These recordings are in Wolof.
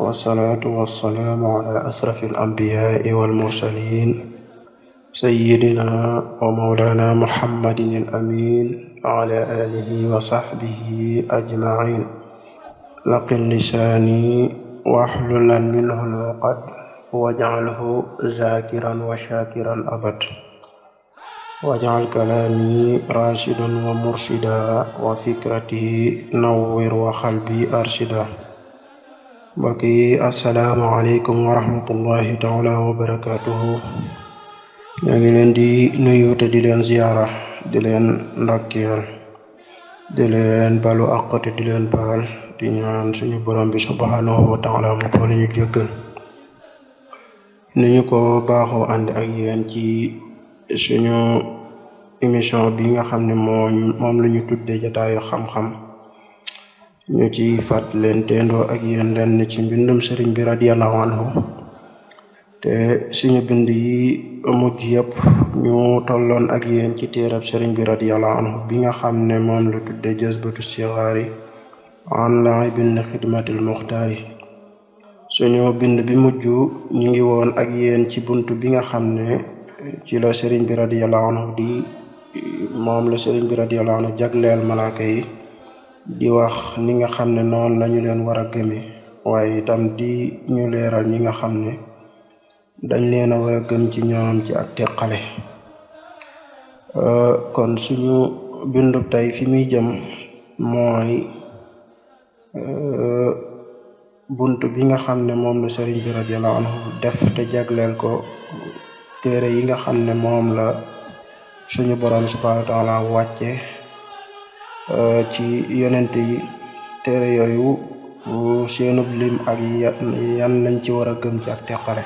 wasalaatu wasalaamu ala asrafi alambiyaai walmursalin sayidina wa mawlana muhammadin alamin wa ala alihi wa saxbihi ajmain laqin lisaani waxlulan minhu alwaqat wajcalhu zaakiran wa shaakiran abad wajcal kalaami raashidan wa murshidan wa fikrati nawwir wa qalbi arshida mbokk yi asalaamaaleykum wa rahmatullahi taala wa barakaatuhu ñoo ngi leen di nuyu di leen ziyaara di leen ndokkeel di leen balu àq te di leen baal di ñaan suñu borom bi subhanahu wa taala mu boole ñu jéggal ni ko baaxoo ànd ak ci suñu émission bi nga xam ne moo moom la ñu tuddee jataayu xam-xam ñu ci fàttalenteendoo ak yéen lenn ci mbindum sëriñ bi radiyallahu anhu te suñu bind yi mujj yëpp ñu tolloon ak yéen ci téerab sëriñ bi radiyallahu anhu bi nga xam ne moom la tudde jazbatu sixaari an lay bind xidmatil muxtaari suñu bind bi mujj ñu ngi woon ak yéen ci bunt bi nga xam ne ci la sëriñ bi radiyallahu anhu di moom la sëriñ bi radiyallahu anhu jagleel malaaka yi di wax ni nga xam ne noonu lañu leen war a gëme waaye itam di ñu leeral ñi nga xam ne dañ leen a war a gëm ci ñoom ci ak teqale euh, kon suñu bindub tey fi muy jëm mooy euh, bunt bi nga xam ne moom la sëriñ bi radiyallahu anhu def te jagleel ko téere yi nga xam ne moom la suñu borom subhanahu wa wàcce Eh, ci yonent yi téere yooyu seenub lim ak yan lañ ci war a gëm ci ak teqare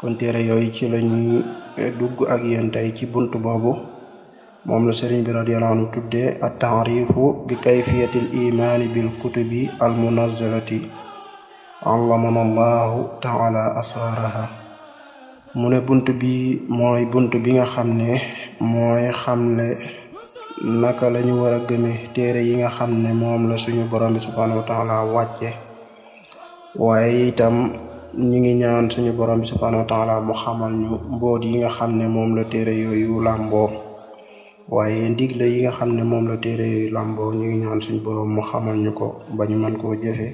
kon téere yooyu ci lañuy eh, dugg ak yéen ci bunt boobu moom la sëriñ bi radiyallahu anhu tuddee at taarifu bi kayfiyatil imaani bil kutubi al munazzalati allamana allahu taala mu ne bunt bi mooy bunt bi nga xam ne mooy xamle naka lañu war a gëme téere yi nga xam ne moom la suñu borom bi subhaanahu wa taala wàcce waaye itam ñi ngi ñaan suñu borom bi subhaanahu wa taala mu xamal ñu mboot yi nga xam ne moom la téere yooyu làmboo waaye ndigle yi nga xam ne moom la téere yooyu làmboo ñu ngi ñaan suñu borom mu xamal ñu ko bañ ñu mën koo jëfe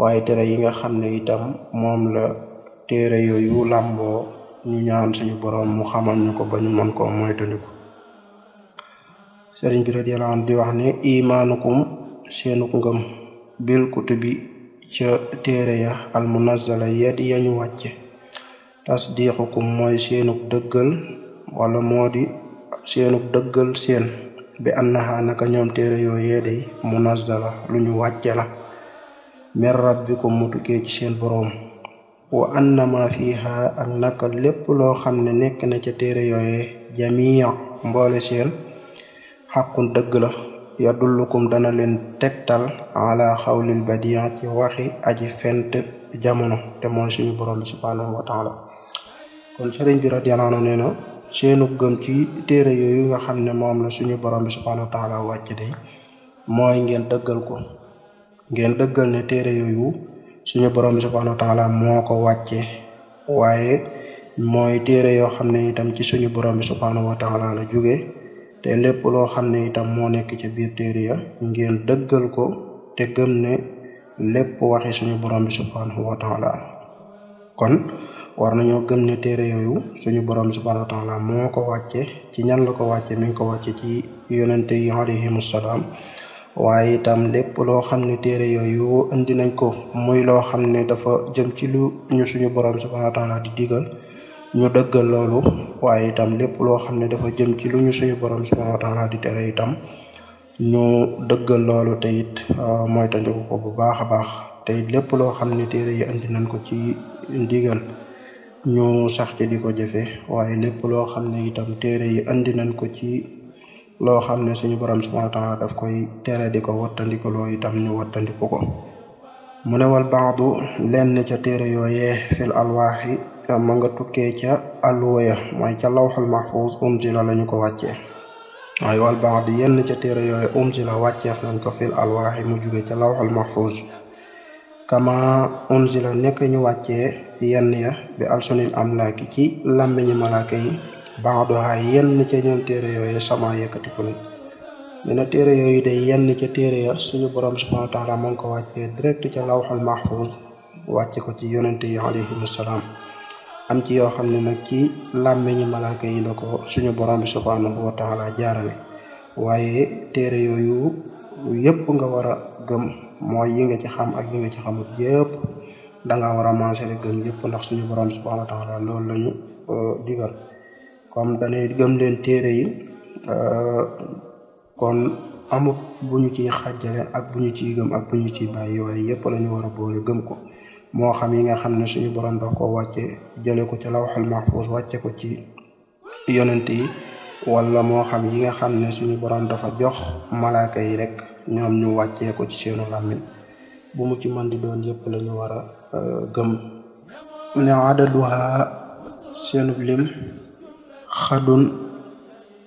waaye tere yi nga xam ne itam moom la téere yooyu làmboo ñu ñaan suñu borom mu xamal ñu ko ba ñu mën koo moytandiku sëriñ bi radiyallahu di wax ne imaanukum seenu ngëm bil kutubi ca téere ya al munazzala yañu wàcce tasdiqukum mooy seenuk dëggal wala moo seenuk dëggal seen bi annaha naka ñoom téere yoo yeeday munazzala lu ñu wàcce la min rabbikum mu ci seen boroom wa annama fiha ak naka lépp loo xam ne nekk na ca téere yooyee jamia mboole seen xaqun dëgg la yadullukum dana leen tegtal ala xawlil badian ci waxi aji fent jamono te mooy suñu borom bi subhanahu wa taala kon sëriñ bi radiyallahu na seenu gëm ci téere yooyu nga xam ne moom la suñu borom bi subhanahu wa wàcc day mooy ngeen dëggal ko ngeen dëggal ne téere yooyu suñu borom bi subhanahu wa taala ko wàcce waaye mooy téere yoo xam ne itam ci suñu borom bi subhanahu wa la jóge te lépp loo xam ne itam moo nekk ca biir téere ya ngeen dëggal ko te gëm ne lépp waxi suñu borom bi subhanahu wa taala kon war ñoo gëm ne téere yooyu suñu borom bi subhanahu wa taala moo ko wàcce ci ñan la ko wàcce mi ko wàcce ci yonente yi alayhim salaam waaye itam lépp loo xam ne téere yooyu indi nañ ko muy loo xam ne dafa jëm ci lu ñu suñu borom bi subhanahu wa taala di digal ñu dëggal loolu waaye itam lépp loo xam ne dafa jëm ci lu ñu suñu borom subhanahu wa taala di tere itam ñu dëggal loolu te it euh, ko bu baax a baax te lépp loo xam ne téere yi andi nañ ko ci ndigal ñu sax ci di ko jëfe waaye lépp loo xam ne itam téere yi andi nañ ko ci loo xam ne suñu borom subhanahu wa daf koy tere di ko wattandiku loo itam ñu wattandiku ko mu newal fil alwaaxi ma nga tukkee ca alluwa ya mooy ca lawxal mahfuz unzila la ñu ko wàccee waaye wal baax di yenn ca téere yooyu unzila wàcceef nañ ko fil alwaaxi mu jóge ca lawxal mahfuz kama unzila nekk ñu wàccee yenn ya bi alsunil amlaaki ci làmmiñu malaaka yi baadoha yenn ca ñoom téere yooyu sama yëkkatiku ni ñu ne téere yooyu day yenn ca téere ya suñu borom subhanahu wa taala moo ngi ko wàccee direct ca lawxal mahfuz wàcce ko ci yonente yi alayhim salaam am ci yoo xam ne nag ci làmmiñu malaaka yi la ko suñu borom bi subhanahu wa taala jaarale waaye téere yooyu yëpp nga war a gëm mooy yi nga ci xam ak yi nga ci xamut yëpp danga nga war a manchéle gëm yëpp ndax suñu borom bi subhanahu wa taala loolu la ñu euh, digal comme dañuy gëm leen téere yi euh, kon amut bu ci ciy xàjjale ak bu ci ciy gëm ak bu ñu ciy waaye yëpp la ñu war a boole gëm ko moo xam yi nga xam ne suñu borom da ko wàcce jële ko ci lawxul mahfuz wàcce ko ci yonent yi wala moo xam yi nga xam ne suñu borom dafa jox malaaka yi rek ñoom ñu wàccee ko ci seenu làmmiñ bu mu ci mën di doon yëpp lañu ñu war a euh, gëm ne adaduha seenu lim xadun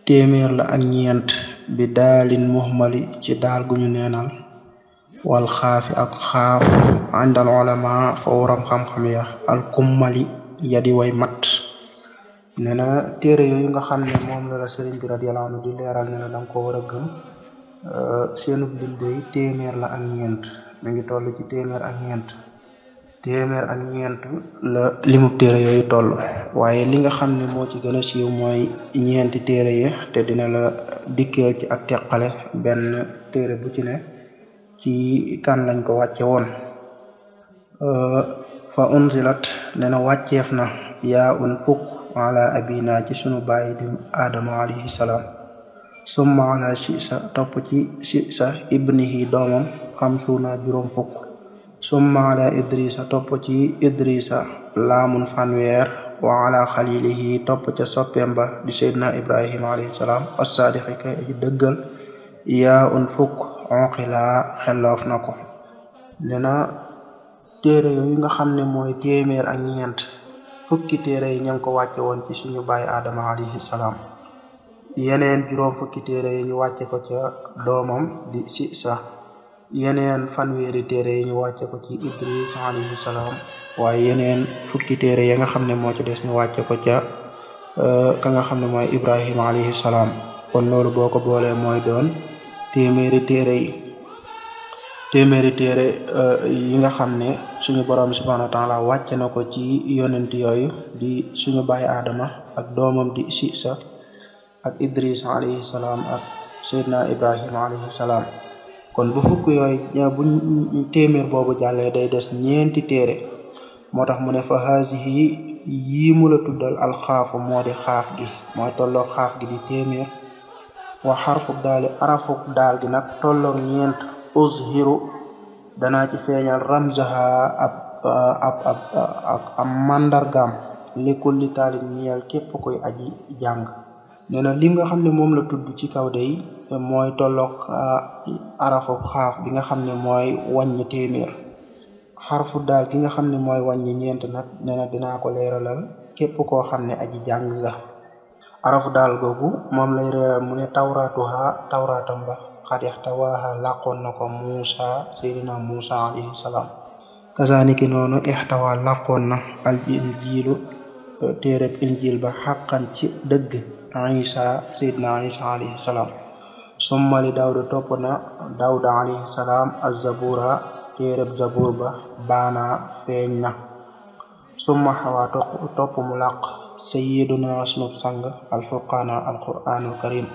téeméer la ak ñeent bi daalin muhmali ci daal gu ñu wal xaaf ak xaaf àndal olama fa waram xam-xam ya al kummali ya di way mat nee na téere yooyu nga xam ne moom la la sëriñ bi radiyallahu anhu di leeral da ko war a gëm euh, seenub lindey téeméer la ak ñeent mi ngi toll ci ak ñeent téeméer ak ñeent la limub téere yooyu toll waaye li nga xam ne moo ci gën a siiw mooy ñeenti téere yi te dina la dikkee ci ak teqale benn téere bu ci ne ci kan lañ ko wàcce woon fa unzilat ne na wàcceef na yaa un fukk ala abina ci sunu bàyyi di aadama alayhi salaam summa ala si sa topp ci si ibnihi doomam xam suuna juróom fukk summa ala idrisa topp ci idrisa laamun fanweer wa ala xalilihi topp ca soppeem ba di seydna ibrahima alayhi salaam kay aji dëggal yaa un fukk onqilaa xelloof na ko nee na téere yooyu nga xam ne mooy téeméer ak ñeent fukki téere yi ña ngi ko wàcce woon ci suñu bàyyi aadama alayhi salaam yeneen juróom fukki téere yi ñu wàcce ko ca doomam di si sa yeneen fanweeri téere yi ñu wàcce ko ci idris alayhi waaye yeneen fukki téere ya nga xam ne moo ci des ñu wàcce ko ca euh, ka nga xam ne mooy ibrahim alayhi salaam kon loolu boo ko boolee mooy doon téeméeri téere yi téeméeri téere euh, yi nga xam ne suñu borom bi taala wàcce na ko ci yonent yooyu di suñu baay adama ak doomam di Siisa ak Idris alayhi salaam ak Seydina Ibrahima alayhi salaam kon bu fukk yooyu bu téeméer boobu jàllee day des ñeenti téere moo tax mu ne fa haasihi yii mu la tuddal alxaafu moo di xaaf gi mooy tolloo xaaf gi di téeméer wa xarfu daali arafu daal gi nag tolloog ñeent uzhiru danaa ci feeñal ramzaha ab ab ab ab mandargaam li kulli képp koy aji jàng nee na lim nga xam ne moom la tudd ci kaw day mooy tolloog arafu xaaf nga xam ne mooy wàññi téeméer xarfu daal gi nga xam ne mooy wàññi ñeent nag nee na dinaa ko leeralal képp koo xam ne aji jàng nga arafu daal googu moom lay reeral mu ne tawraatuha tawraatam ba xad ixtawaaha làqoon na ko musa seydina Muusa alayhi salaam kasaaniki noonu ixtawaa na al injiilu téereb ba xàqan ci dëgg Isa seydina Isa alayhi salaam summa topp na dawda alayhi salaam azzabuura téereb zabuur ba baana feeñ na summa xawaa topp mu làq sayiduna sunu sang alfurqaana alquraanul karim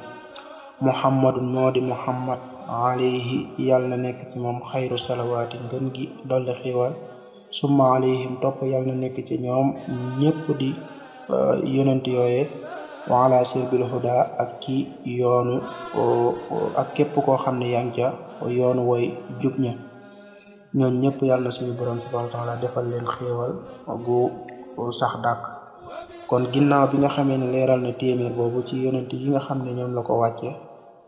muhammadu moo muhammad alayhi yàlla na nekk ci moom xayru salawaati ngën gi dolli xiiwal summa alayhim topp yàlla na nekk ci ñoom ñépp di uh, yonent yooye wala sirbil huda ak ci yoonu uh, ak képp koo xam ne yaa ngi ca yoonu woy jub ña ñoon ñëpp yàlla na suñu borom subhanahu wa taala defal leen xéewal bu sax dàkk kon ginnaaw bi nga xamee ne leeral na téeméer boobu ci yonent yi nga xam ne ñoom la ko wàcce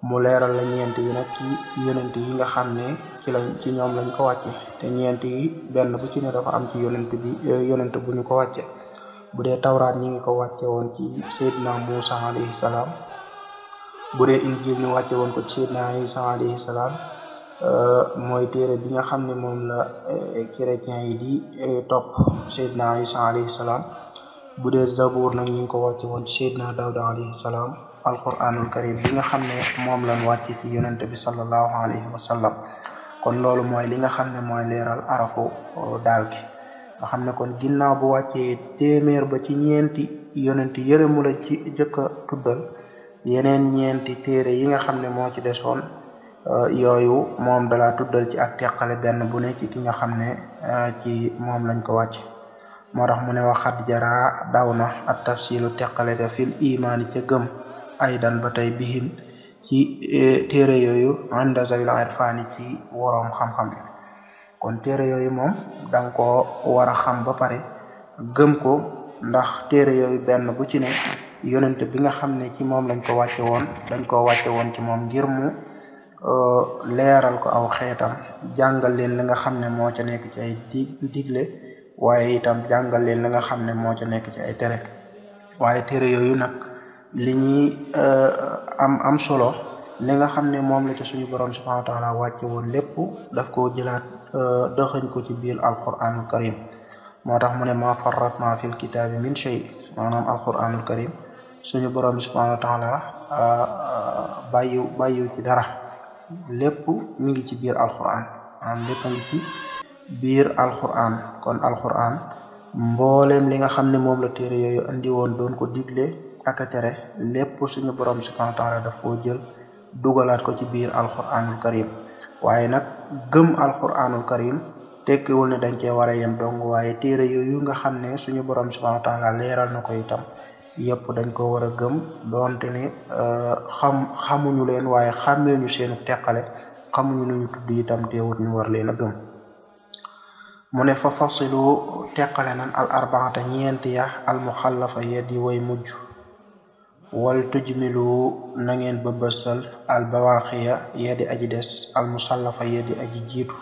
mu leeral la ñeent yi nag ci yonent yi nga xam ne ci lañ ci ñoom lañ ko wàcce ñeent yi benn bu ci ne ci yonent bi euh, yonent ko wàcce bu dee tawraat ñi ngi ko wàcce woon ci seydina Muusa alayhi salaam bu dee injil ñu wàcce woon ko ci seydina Isa alayhi salaam euh, mooy téere bi nga xam ne moom la euh, chrétien yi di topp seydina Isa salaam bu dee zabour nag ñu ngi ko wàcce woon ci seydina daawda alayhi salaam alquranul karim bi nga xam ne moom lan wàcce ci yonente bi salallahu alayhi wa sallam kon loolu mooy li nga xam ne mooy leeral arafu uh, daal gi nga xam ne kon ginnaaw bu wàccee téeméer ba ci ñeenti yonent yërëmu mula ci jëkk a tuddal yeneen ñeenti téere yi nga xam ne moo ci desoon uh, yooyu moom dala tuddal ci ak teqale benn bu ne ci ki nga xam ne uh, ci moom lañ ko wàcce moo tax mu ne waxat jaraa daw na at tafsilu teqale ga fil imaani ca gëm aydan ba tey bihim ci e, téere yooyu anda zawil irfaani ci woroom xam-xam kon téere yooyu moom danga ko war a xam ba pare gëm ko ndax téere yooyu benn bu ci ne yonent bi nga xam ne ci moom lañ ko wàcce woon dañ ko wàcce woon ci moom ngir mu e, leeral ko aw xeetam jàngal leen li nga xam ne moo ca nekk ci ay digle waaye itam jàngal leen la nga xam ne moo ca nekk ci ay teree waaye tere yooyu nag li euh, am am solo li nga xam ne moom la ci suñu borom subhanahu wa taala wàcce woon lépp daf koo jëlaat euh, dëxëñ ko ci biir alquranul karim moo tax mu ne ma farratna fil kitaabi min shay maanaam alquranul karim suñu borom subhanahu wa taala euh, bàyyiw bàyyiw ci dara lépp mi ngi ci biir alquran maanaam lépp a ngi biir alquran kon alquran mbooleem li nga xam ne moom la téere yooyu andi woon doon ko digle ak a tere lépp suñu borom subhanahu wa taala daf koo jël dugalaat ko ci biir alquranul karim waaye nag gëm alquranul karim tekkiwul ne dañ ke war a yem dong waaye téere yooyu nga xam ne suñu borom subhanahu wa taala leeral na ko itam yëpp dañ ko war a gëm doonte ne euh, xam xamuñu leen waaye xàmmee ñu seenu teqale xamuñu lu ñu tudd itam teewut ñu war leen a gëm mu ne fa fasilu teqale nan al arbaata ñeenti ya al muxallafa ya di way mujj wal tujmilu na ngeen bëbësal al bawaaxiya ya di aji des al musallafa ya di aji jiitu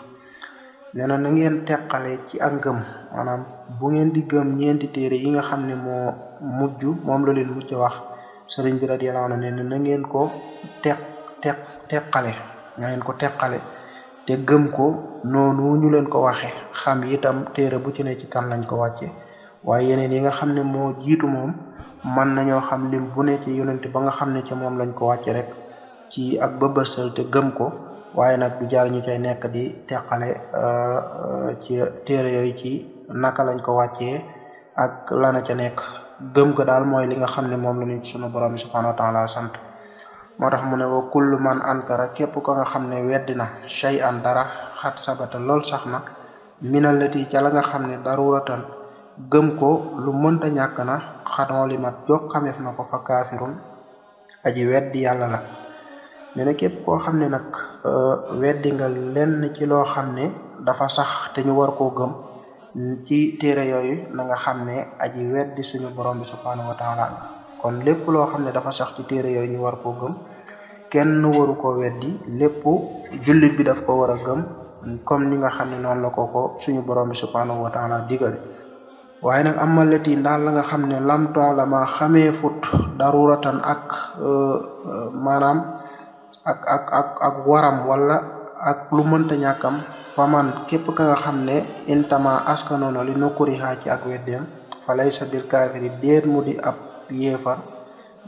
nee na ngeen teqale ci ak ngëm maanaam bu ngeen di gëm ñeenti téere yi nga xam ne moo mujj moom la leen mujj wax sëriñ bi radiyallahu anhu nee na na ngeen ko teq teq teqale na ngeen ko teqale te gëm ko noonu ñu leen ko waxe xam itam téere bu ci nekk ci lañ ko wàcce waaye yeneen yi nga xam ne moo jiitu moom mën nañoo xam lim bu ne ci yonente ba nga xam ne ci moom lañ ko wàcce rek ci ak bëbësal gëm ko waaye nag du jaar ñu cay nekk di teqale euh, ci téere yooyu ci naka lañ ko wàccee ak lana ca nekk gëm ko daal mooy li nga xam ne moom lañu ñu sunu borom subhanahu wa taala sant moo tax mu ne wa kullu man ankara képp ko nga xam ne weddi na shay an dara xat sabata lool sax na minalati ca la nga xam ne daruratan gëm ko lu mënta ñàkk na xanoo li mat jog xameef na ko fa kaafirun aji weddi yàlla la ne na képp koo xam ne nag euh, weddi nga lenn ci loo xam ne dafa sax te ñu war koo gëm ci téere yooyu na nga xam ne aji weddi suñu borom bi subhanahu kon lépp loo xam ne dafa sax ci téere yooyu ñu war koo gëm kenn waru ko weddi lépp jullit bi daf ko war a gëm comme ni nga xam ne noonu la ko ko suñu borom bi subhanahu wa digale waaye nag amalet yi daal la nga xam ne lamton lama ma xamee fut daruratan euh, euh, ak ak ak ak waram wala ak lu mënta ñàkkam faman képp ka nga xam ne intama askanoona li nukkuri xaa ci ak weddeem fa laysa bil kaafiri déet mu di ab yéefar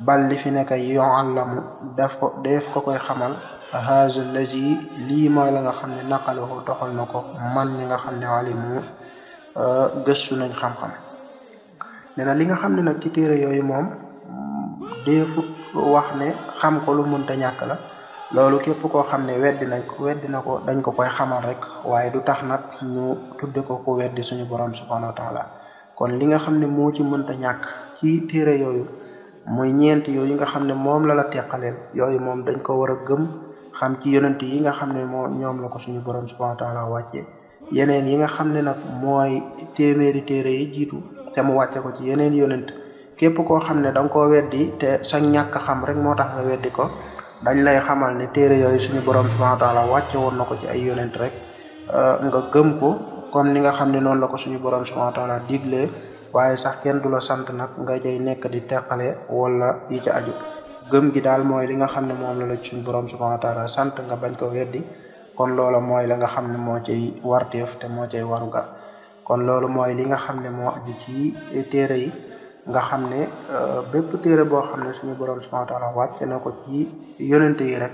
bal li fi def ko koy xamal haza lii mooy la nga xam ne naqalahu toxal na ko man mi nga xam ne alimu euh, gëstu nañ xam-xam nee na li nga xam ne nag ci téere yooyu moom deefut ne xam ko lu mënta ñàkk la loolu képp koo xam ne weddi nañ ko weddi na ko dañ ko koy xamal rek waaye du tax nag ñu tudde ko ku weddi suñu borom subhanahu wa taala kon li nga xam ne moo ci mënta ñàkk ci téere yooyu muy ñeent yooyu nga xam ne moom lala la yooyu moom dañ ko war a gëm xam ci yonent yi nga xam ne moo ñoom la ko suñu borom subhanahu wa taala wàccee yeneen yi nga xam ne nag mooy téeméeri téere yi jiitu te mu wàcce ko ci yeneen yonent képp koo xam ne da ko koo weddi te sa ñàkk xam rek moo tax nga weddi ko dañ lay xamal ne téere yooyu suñu borom subhanahu wa taala wàcce woon na ko ci ay yonent rek euh, nga gëm ko comme ni nga xam ne noonu la ko suñu borom subhanahu wa taala diglee waaye sax kenn du la sant nag nga jay nekk di teqale wala yi ca aju gëm gi daal mooy li nga xam ne moom la la suñu borom subhanahu wa taala sant nga bañ koo weddi kon loola mooy la nga xam ne moo cay warteef te moo cay warugar kon loolu mooy li nga xam ne moo aju ci téere yi nga xam ne euh, bépp téere boo xam ne suñu borom subhanahu wa taala na ko ci yonent yi rek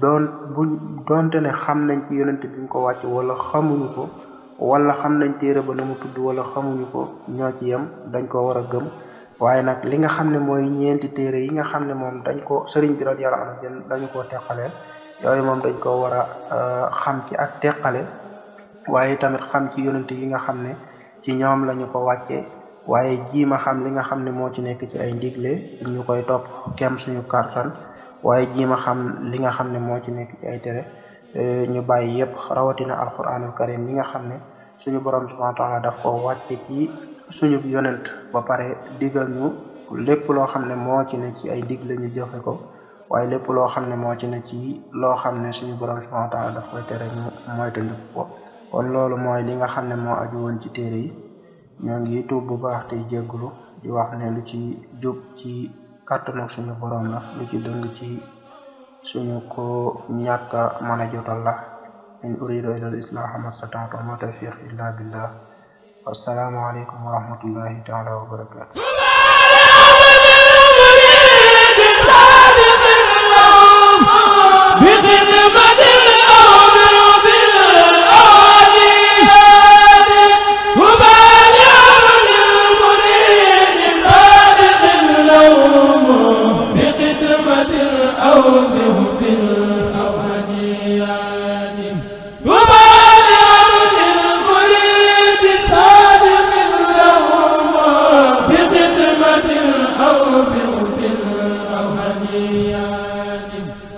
doon bu doonte ne xam nañ ci yonente bi ko wàcc wala xamuñu ko wala xam nañ téere ba na mu tudd wala xamuñu ko ñoo ci yem dañ koo war a gëm waaye nag li nga xam ne mooy ñeenti téere yi nga xam ne moom dañ ko sëriñ bi radiyallahu anhu dañu koo teqalee yooyu moom dañ ko war a euh, xam ci ak teqale waaye tamit xam ci yi nga xam ne ci ñoom lañu ko wàccee waaye jiima xam li nga xam ne moo ci nekk ci ay ndigle ñu koy topp kem suñu kartan waaye jiima xam li nga xam ne moo ci nekk ci ay tere euh, ñu bàyyi yépp rawatina alquranul karim li nga xam ne suñu borom subhanahu wa daf ko wàcce ci suñu yonent ba pare digal ñu lépp loo xam ne moo ci ne ci ay digle lañu jëfe ko waaye lépp loo xam ne moo ci ne ci loo xam ne suñu borom subhanahu ko kon loolu mooy li nga xam ne moo aju woon ci téere yi ñoo ngi tuub bu baax tey jégglu di wax lu ci jub ci kàttanu suñu borom la lu ci dëng ci suñu ko ñàkk a mën a jotal la in uridu ila al islaha ma stata'tu ma tawfiq illa billah wassalaamu aleykum wa rahmatullahi taala wa barakatu